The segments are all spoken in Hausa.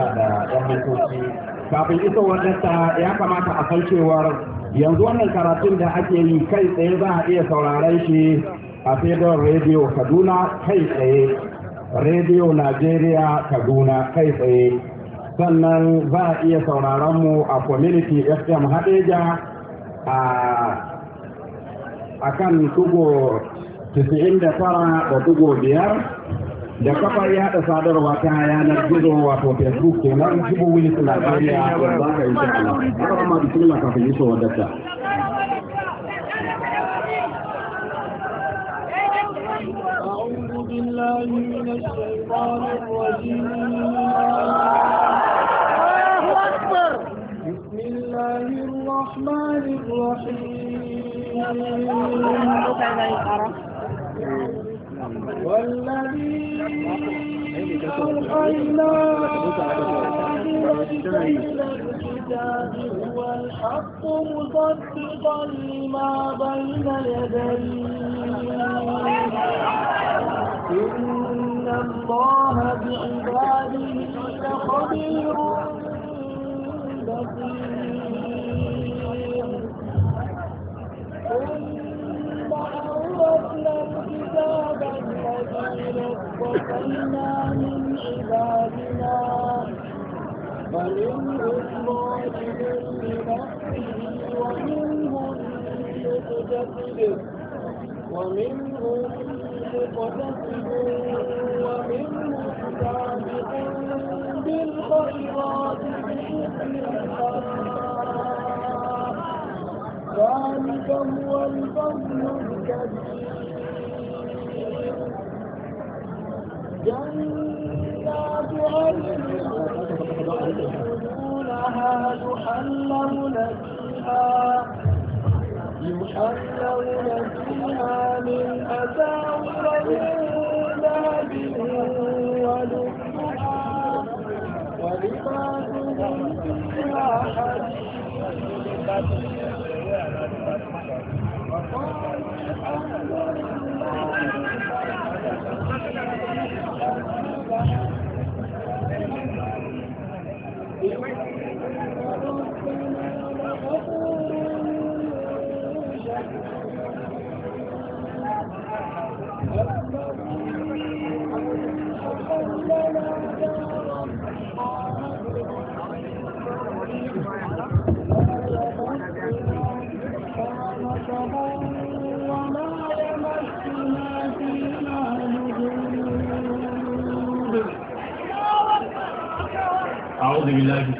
da yan kafin isa ta ya kamata a san cewar yanzu wannan karatun da ake yi kai tsaye za a iya sauraren shi a fedon rediyo kaduna kai tsaye rediyo najeriya kaduna kai tsaye sannan za a iya sauraron mu a community fm hadeja a kan dugo 99 biyar da kafar yada sadarwa ta yanar gizo wato facebook ke nan jibo wani su najeriya a ba yi tafiya kafar ma bikin na kafin yi sowar dasta بسم الله الرحمن الرحيم والذي هو الحق مصدقا لما بين يديه إن الله بعباده لخبير بصير ثم أورثنا الكتاب ولقد اصطفينا من عبادنا فمنهم معجب لنفسه ومنهم مقتصد ومنهم مقتصد ومنهم سابق بالخيرات بإذن الله ذلك هو الفضل الكبير جنات عدن يدخلونها يحلون فيها يحلون فيها من أساور من ذهب ولؤلؤا ولباسهم فيها حديد وقالوا الحمد لله Thank you.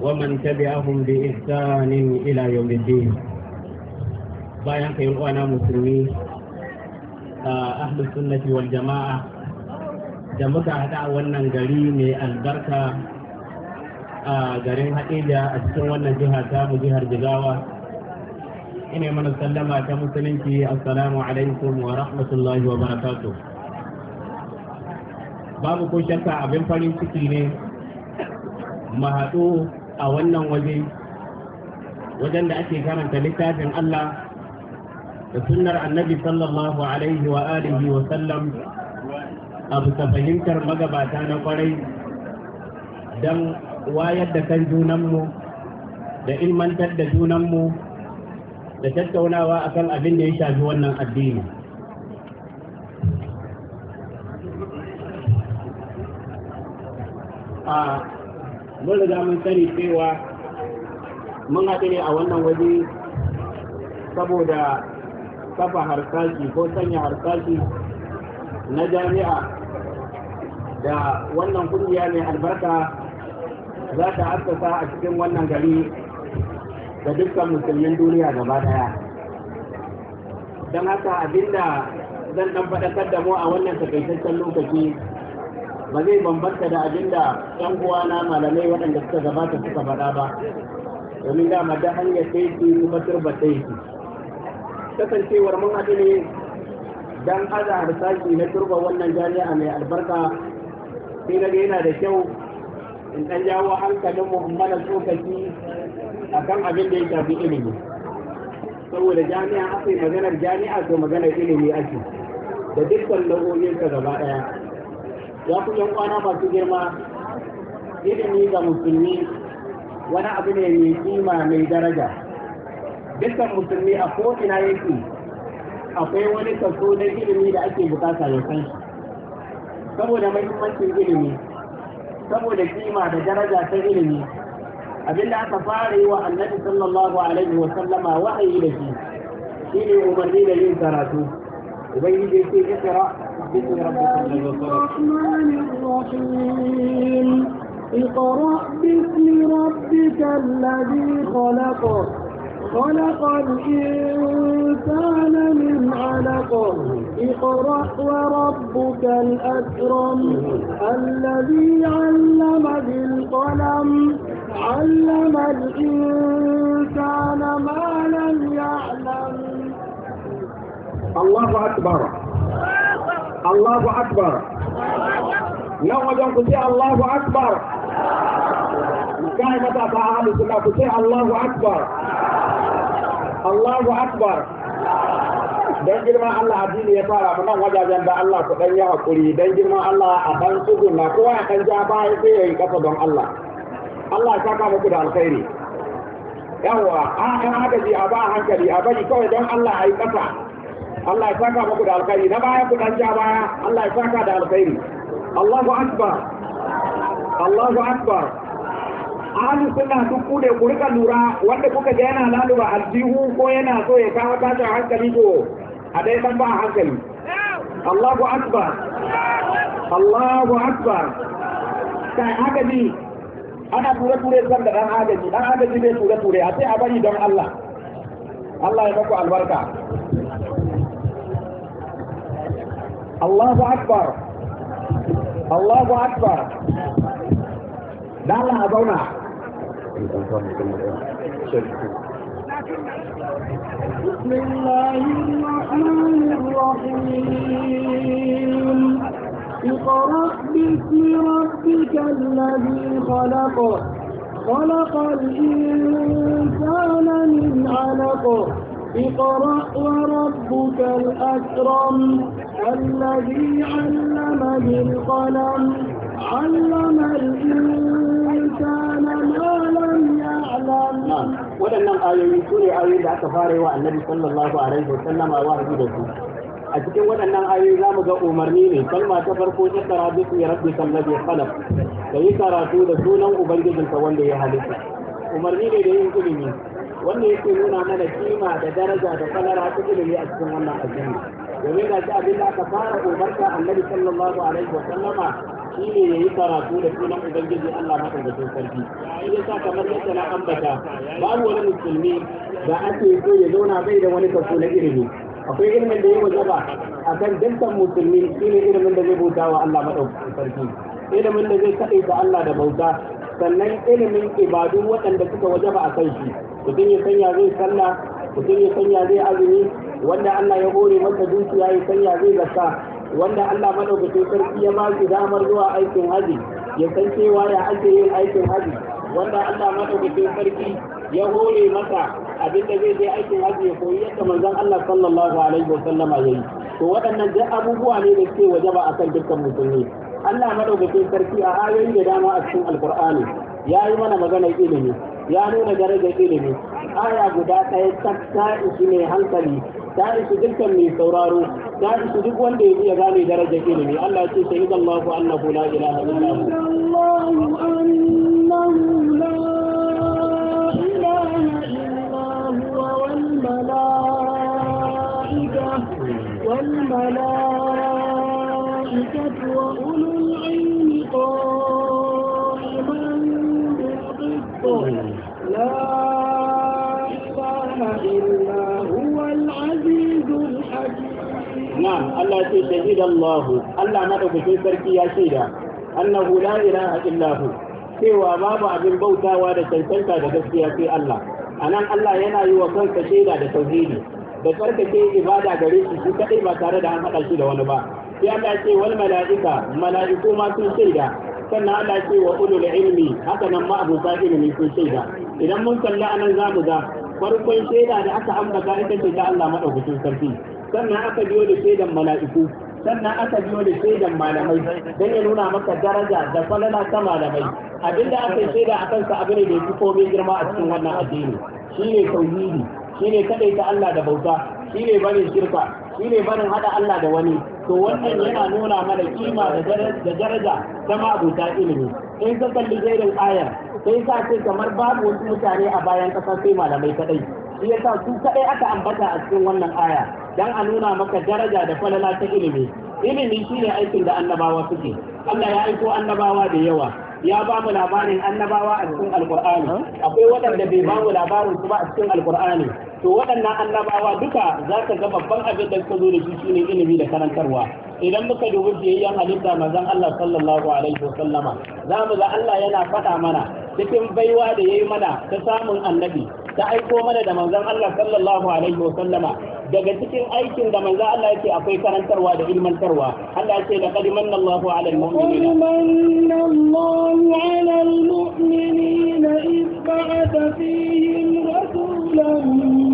ومن تبعهم بإحسان إلى يوم الدين bayan ka yi uwana musulmi a ahlus sunnati wal jama'a da muka haɗa a wannan gari mai albarka a garin haɗeja a cikin wannan jihar ta mu jihar jigawa ina mana sallama ta musulunci assalamu alaikum wa rahmatullahi wa barakatu babu ko shakka abin farin ciki ne mu haɗu a wannan waje wajen da ake karanta littafin Allah da sunnar annabi sallallahu alaihi wa alihi wa sallam abu ta fahimtar magabata na kwarai don wayar da kan junanmu da ilmantar da junanmu da tattaunawa akan abin da ya shafi wannan addini a mun riga mun sani cewa mun haɗu ne a wannan waje saboda kafa harsashi ko sanya harsashi na jami'a da wannan kungiya mai albarka za ta haskasa a cikin wannan gari da dukkan musulmin duniya gaba daya don haka abinda zan ɗan faɗakar da mu a wannan takaitaccen lokaci ba zai bambanta da abinda yan uwana malamai waɗanda suka gabata suka faɗa ba domin dama da hanyar taiki kuma turba taiki kasancewar mun haɗu ne don aza harsashi na turba wannan jami'a mai albarka sai na ga yana da kyau in ɗan jawo hankalin mana tsokaci a kan abin da ya shafi ilimi saboda jami'a aka maganar jami'a ko maganar ilimi ake da dukkan nau'o'inka gaba ɗaya ya ku yan kwana masu girma ilimi ga musulmi wani abu ne mai kima mai daraja dukkan musulmi a ko'ina yake akwai wani kaso na ilimi da ake bukata ya san saboda mahimmancin ilimi saboda kima da daraja ta ilimi abinda aka fara yi wa annabi sallallahu alaihi wa sallama wahayi da shi shine umarni da yin karatu ubangiji sai ikra بسم ربك الرحمن الرحيم اقرأ باسم ربك الذي خلق خلق الإنسان من علق اقرأ وربك الأكرم الذي علم بالقلم علم الإنسان ما لم يعلم الله أكبر Allahu Akbar nan wajen ku ce Allahu Akbar kai mata ta ahli suna ku ce Allahu Akbar Allahu Akbar dan girman Allah addini ya fara mu nan wajajen da Allah ku dan yi hakuri dan girman Allah a dan na kowa ya kan ja baya sai yayi ƙasa don Allah Allah ya saka muku da alkhairi yawa a an agaji a ba hankali a bari kawai don Allah a yi kasa Allah ya saka muku da alkhairi na baya ku dan ja baya Allah ya saka da alkhairi Allahu akbar Allahu akbar Ahli sunna duk ku da kurka lura wanda kuka ga yana laluba aljihu ko yana so ya kawo tashin hankali ko a dai dan ba hankali Allahu akbar Allahu akbar kai haka ana ture-ture san da dan agaji dan agaji bai ture-ture a sai a bari don Allah Allah ya maku albarka الله أكبر الله أكبر دعنا أبونا بسم الله الرحمن الرحيم اقرأ باسم ربك الذي خلق خلق الإنسان من علق اقرأ وربك الأكرم الذي علم بالقلم علم الإنسان ما لم يعلم waɗannan ayoyi su ne ayoyi da aka fara yi wa annabi sallallahu alaihi wa sallama wahayi da su a cikin waɗannan ayoyi za mu ga umarni ne kalma ta farko ta tara bisu ya rabbi kallabi khalaq da yi karatu da sunan ubangijinka wanda ya halitta umarni ne da yin ilimi wanda yake nuna mana kima da daraja da falara ta ilimi a cikin wannan addini domin ga shi abin da aka fara umarta annabi sallallahu alaihi wa sallama shi ne ya yi karatu da sunan ubangiji Allah madaukakin sarki shi yasa kamar yadda na ambata babu wani musulmi da ake so ya zauna bai da wani kaso na ilimi akwai ilimin da ya wajaba a kan dukkan musulmi shi ne ilimin da zai bauta wa Allah madaukakin sarki ilimin da zai kaɗai da Allah da bauta sannan ilimin ibadu waɗanda suka wajaba a kan shi mutum ya sanya zai sallah mutum ya sanya zai azumi wanda Allah ya hore masa dukiya ya sanya zai zakka wanda Allah madaukakin sarki ya ba shi damar zuwa aikin haji ya san cewa ya ake yin aikin haji wanda Allah madaukakin sarki ya hore masa abinda zai je aikin haji ya koyi yadda manzon Allah sallallahu alaihi wasallama yayi to waɗannan duk abubuwa ne da suke wajaba akan dukkan musulmi Allah madaukakin sarki a ayoyi da dama a cikin alkur'ani ya yi mana maganar ilimi ya nuna darajar ilimi aya guda ɗaya ta ta isu mai hankali ta isu dukkan mai sauraro ta isu duk wanda ya iya gane darajar ilimi Allah ya ce idan ma ku Allah ku Allahu la ilaha illa na'am Allah ce shahida Allah Allah madaukakin sarki ya shaida annahu la ilaha illa hu cewa babu abin bautawa da cancanta da gaskiya sai Allah anan Allah yana yi wa kansa shaida da tauhidi da tsarkake ibada gare shi shi kadai ba tare da an haɗa shi da wani ba sai Allah ce wal mala'ika mala'iku ma sun shaida sannan Allah ce wa ulul ilmi haka nan ma abuta ilmi sun shaida idan mun kalla anan zamu ga farkon shaida da aka ambata ita ce ta Allah madaukakin sarki sannan aka biyo da shaidan mala'iku sannan aka biyo da shaidan malamai don ya nuna maka daraja da falala ta malamai abinda aka yi shaida a kansa abu ne da ya komai girma a cikin wannan addini shine tauhidi shine kadaita Allah da bauta shine barin shirka shine barin haɗa Allah da wani to wannan yana nuna mana kima da daraja ta mabuta ilimi in ka kalli zairin ayar sai sa ce kamar babu wasu mutane a bayan kasa sai malamai kadai shi yasa su kaɗai aka ambata a cikin wannan aya don a nuna maka daraja da falala ta ilimi ilimi shine aikin da annabawa suke Allah ya aiko annabawa da yawa ya ba mu labarin annabawa a cikin alkur'ani akwai waɗanda bai ba mu labarin ba a cikin alkur'ani to waɗannan annabawa duka za ka ga babban abin da suka zo da shi shine ilimi da karantarwa idan muka dubi biyayyen halitta manzon Allah sallallahu alaihi wa sallama za mu ga Allah yana faɗa mana cikin baiwa da ya yi mana ta samun annabi ta aiko mana da manzon Allah sallallahu alaihi wa sallama daga cikin aikin da manzon Allah yake akwai karantarwa da ilmantarwa Allah yake da qad manna Allahu ala almu'minina manna Allahu ala almu'minina idh ba'atha fihim rasulan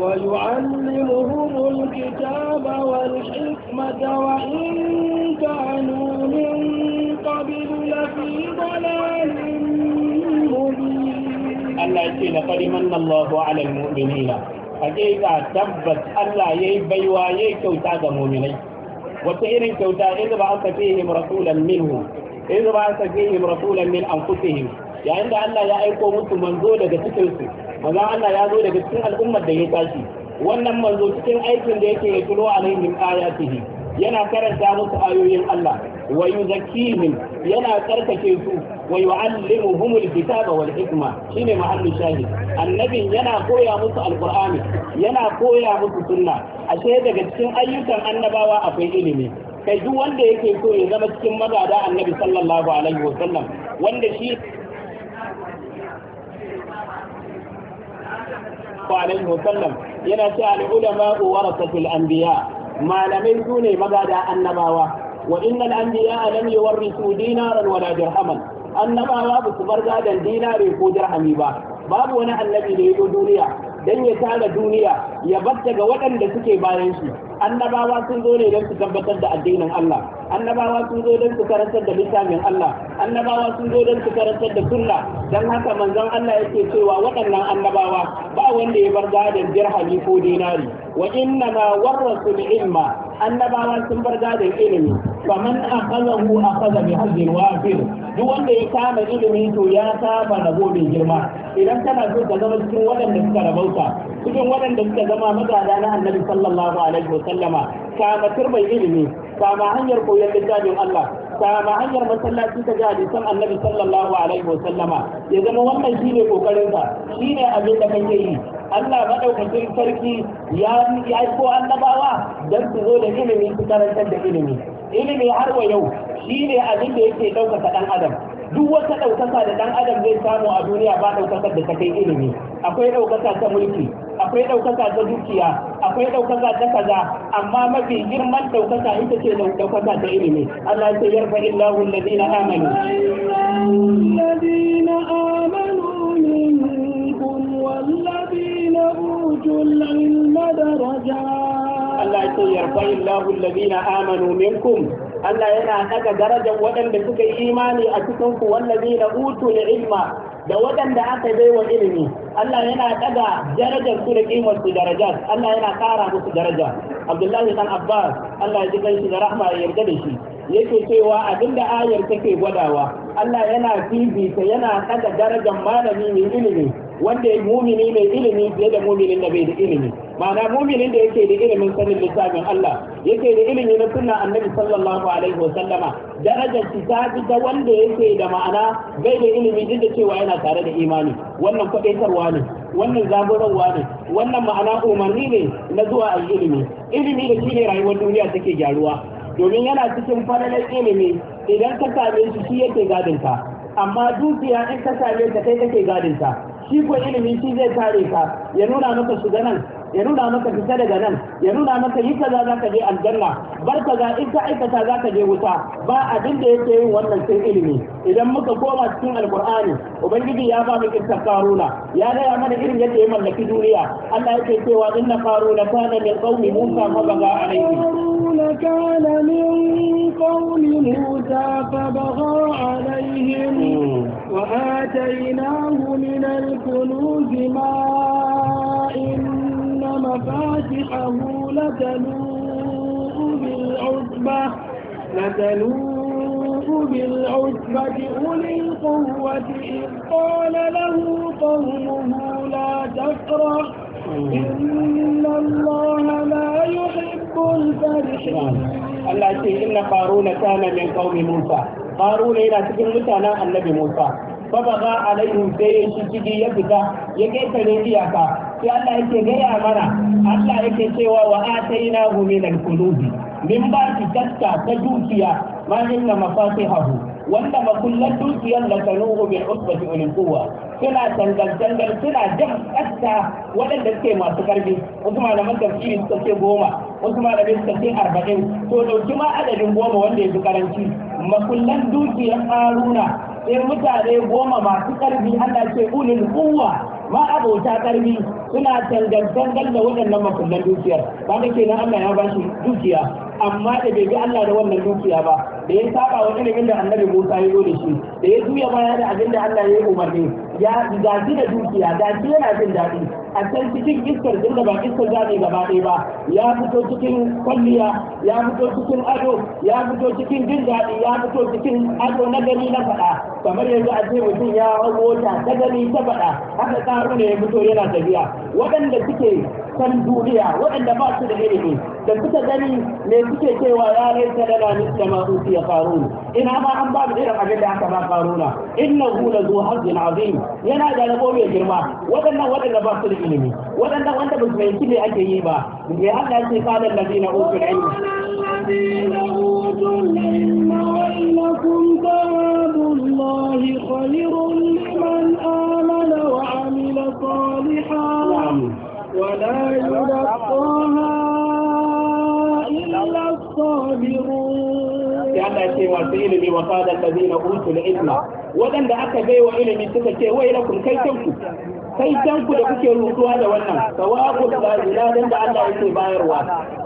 ويعلمهم الكتاب والحكمة وإن كانوا من قبل لفي ضلال مبين الله يقول لقد من الله على المؤمنين hakika tabbas Allah yayi baiwa yi kyauta ga mu'minai wata irin kyauta idza ba'atha fihim rasulan minhu idza ba'atha fihim rasulan min anfusihim yayin da Allah ya aiko musu manzo daga cikin su manzo Allah ya zo daga cikin al'ummar da ya tashi wannan manzo cikin aikin da yake ya tulo alaihim ayatihi yana karanta musu ayoyin Allah wa yuzakkihim yana tsarkake su wa yu'allimuhumul kitaba wal hikma shine mahallin shahid Annabi yana koya musu alqur'ani yana koya musu sunna ashe daga cikin ayyukan annabawa akwai ilimi kai duk wanda yake so ya zama cikin magada annabi sallallahu alaihi wasallam wanda shi alaihi wasallam yana cewa al-ulama warasatul anbiya malamai sune magada annabawa wa innal anbiya lam yuwarrisu dinaran wala dirhaman annabawa ba su bar gadon dinare ko dirhami ba babu wani annabi da ya zo duniya dan ya tara duniya ya batta daga waɗanda suke bayan shi annabawa sun zo ne don su tabbatar da addinin Allah annabawa sun zo don su karantar da littafin Allah annabawa sun zo don su karantar da sunna dan haka manzon Allah yake cewa waɗannan annabawa ba wanda ya bar gadon dirhami ko dinari wa inna ma ilma annabawa sun bar gadon ilimi faman akazahu akaza bi hajjin wafir duk wanda ya kama ilimi to ya saba rabo mai girma idan kana so ka zama cikin waɗanda suka rabauta cikin waɗanda suka zama magada na annabi sallallahu alaihi wa sallama kama turban ilimi kama hanyar koyon littafin Allah ba hanyar masallaci ta ji hadisan annabi sallallahu alaihi wasallama ya zama wannan shine kokarin ka shine abin da kake yi Allah madaukakin sarki ya ya ko annabawa dan su zo da ilimi su karantar da ilimi ilimi har wa yau shine abin da yake ɗaukaka ɗan adam duk wata ɗaukaka da ɗan adam zai samu a duniya ba ɗaukakar da ta kai ilimi akwai ɗaukaka ta mulki akwai ɗaukaka ta dukiya akwai ɗaukaka ta kaza amma mafi girman ɗaukaka ita ce ɗaukaka ta ilimi Allah ya ce yarfa illahu alladhina amanu الذين آمنوا منكم والذين أوتوا العلم درجات الله يرفع الله الذين amanu منكم Allah yana daga darajar waɗanda suka yi imani a cikinku wallazi na utul ilma da waɗanda aka baiwa ilimi Allah yana daga darajar su da kimar su darajar Allah yana kara musu daraja Abdullahi dan Abbas Allah ya ji gaishe da rahma ya yarda da shi yake cewa abinda ayar take gwadawa Allah yana fifita yana daga darajar malami mai ilimi wanda ya mumini mai ilimi fiye da muminin da bai da ilimi ma'ana muminin da yake da ilimin sanin lissafin Allah yake da ilimi na sunna annabi sallallahu alaihi wa sallama darajar shi ta fi da wanda yake da ma'ana bai da ilimi duk da cewa yana tare da imani wannan kwadaitarwa ne wannan zaburarwa ne wannan ma'ana umarni ne na zuwa a ilimi ilimi da shi ne rayuwar duniya take gyaruwa domin yana cikin falalar ilimi idan ka same shi shi yake gadinka amma dukiya in ka same ta kai kake gadinta shi ko ilimi shi zai tare ka ya nuna maka shiga nan ya nuna maka fita daga nan ya nuna maka yi kaza za ka je aljanna bar kaza in ka aikata za ka je wuta ba abin da yake yin wannan sun ilimi idan muka koma cikin alkur'ani ubangiji ya ba mu kitab karuna ya gaya mana irin yadda ya mallaki duniya Allah yake cewa inna karuna kana min qaumi musa fa baga alaihi لكان من قول موسى فبغى عليهم وآتيناه من الكنوز ما إن مفاتحه لتنوء بالعتبة لتنوء بالعتبة أولي القوة إذ قال له قومه لا تفرح إن الله Allah ce inna qaruna kana min qaumi Musa faruna yana cikin mutanen annabi Musa fa baga alaihim sai shi ciki ya fita ya kai tare iyaka sai Allah yake gaya mana Allah yake cewa wa atainahu min al-qulubi min ba tatta ta dukiya ma inna mafatihahu wanda makullan dukiyar la tanuhu bi usbati quwwa suna tangal-tangal suna jan ƙasa waɗanda suke masu ƙarfi wasu malaman tafsiri suka ce goma wasu malamai suka ce arba'in to dauki ma adadin goma wanda ya fi karanci makullan dukiyar haruna sai mutane goma masu ƙarfi ana ce ulil kuwa ma abota ƙarfi suna tangal-tangal da waɗannan makullan dukiyar ba da ke nan Allah ya ba dukiya amma da bai bi Allah da wannan dukiya ba da ya saba wa ilimin da annabi Musa ya zo da shi da ya juya baya da abin da Allah ya yi umarni ya gaji da dukiya gaji yana jin daɗi a can cikin iskar dinda ba iskar zaɓe gaba ɗaya ba ya fito cikin kwalliya ya fito cikin ado ya fito cikin jin daɗi ya fito cikin ado na gani na faɗa kamar yanzu a ce mutum ya hau mota ta gani ta faɗa haka tsaro ne ya fito yana tafiya waɗanda suke kan duniya waɗanda ba su da ilimi da suka gani me suke cewa ya laita lana nista ma ya qarun ina ma an ba da irin abin da aka ba qaruna innahu la zu hazzin azim yana da rabo mai girma waɗannan waɗanda ba su da ilimi waɗannan wanda ba su fahimci me ake yi ba me Allah ya ce qala allazina utul ilm وإنكم ثواب الله خير لمن آمن وعمل صالحا ولا يلقى sai Allah ya ce masu ilimi wa na kadina utul ilma waɗanda aka baiwa ilimi suka ce wai na kun kai canku kai canku da kuke rutuwa da wannan sawabul ladan da Allah yake bayarwa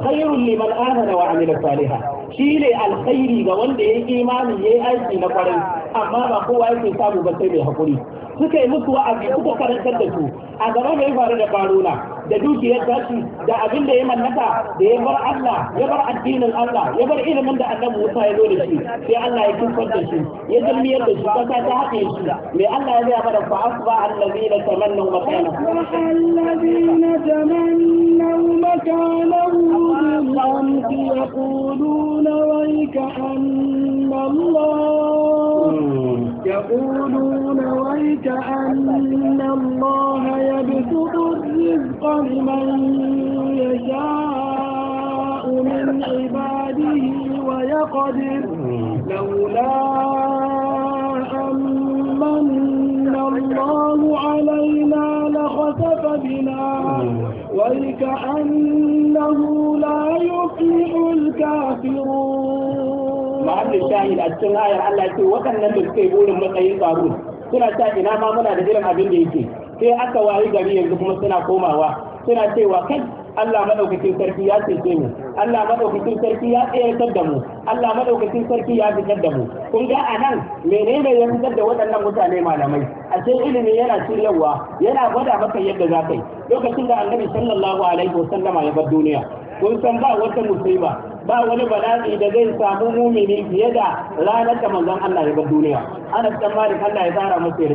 kairun liman amana wa amila salihah ne alkhairi ga wanda ya yayi imani yayi aiki na kwarai amma ba kowa yake samu ba sai mai hakuri suka yi musu wa'azi suka karantar da su a gaba mai faru da karuna da dukiyar tashi da abin da ya mallaka da ya bar Allah ya bar addinin Allah ya bar ilimin da Annabi Musa ya zo da shi sai Allah ya kufar da shi ya zalmiyar da shi kasa ta haɗe shi mai Allah ya zaya mana fa asba allazina tamannu makana allazina tamannu makanahu bil-amsi yaquluna wayka anna Allah يقولون ويك أن الله يبسط الحق لمن يشاء من عباده ويقدر لولا أمن الله علينا لخسف بنا ولكأنه لا يفلح الكافرون ما الشاهد أتشن آية الله يقول وكأن نمر كيبول مطيب قارون كنا ta ina ما muna da irin sai aka wayi gari yanzu kuma suna komawa suna cewa kai Allah madaukakin sarki ya cece mu Allah madaukakin sarki ya tsayar da mu Allah madaukakin sarki ya fitar da mu kun ga anan menene ya fitar da waɗannan mutane malamai a cikin ilimi yana shiryawa yana gwada maka yadda za ka yi lokacin da annabi sallallahu alaihi wasallama ya bar duniya kun san ba wata musulma ba wani bala'i da zai samu mumini fiye da ranar da manzon Allah ya bar duniya ana tsammanin Allah ya tsara masa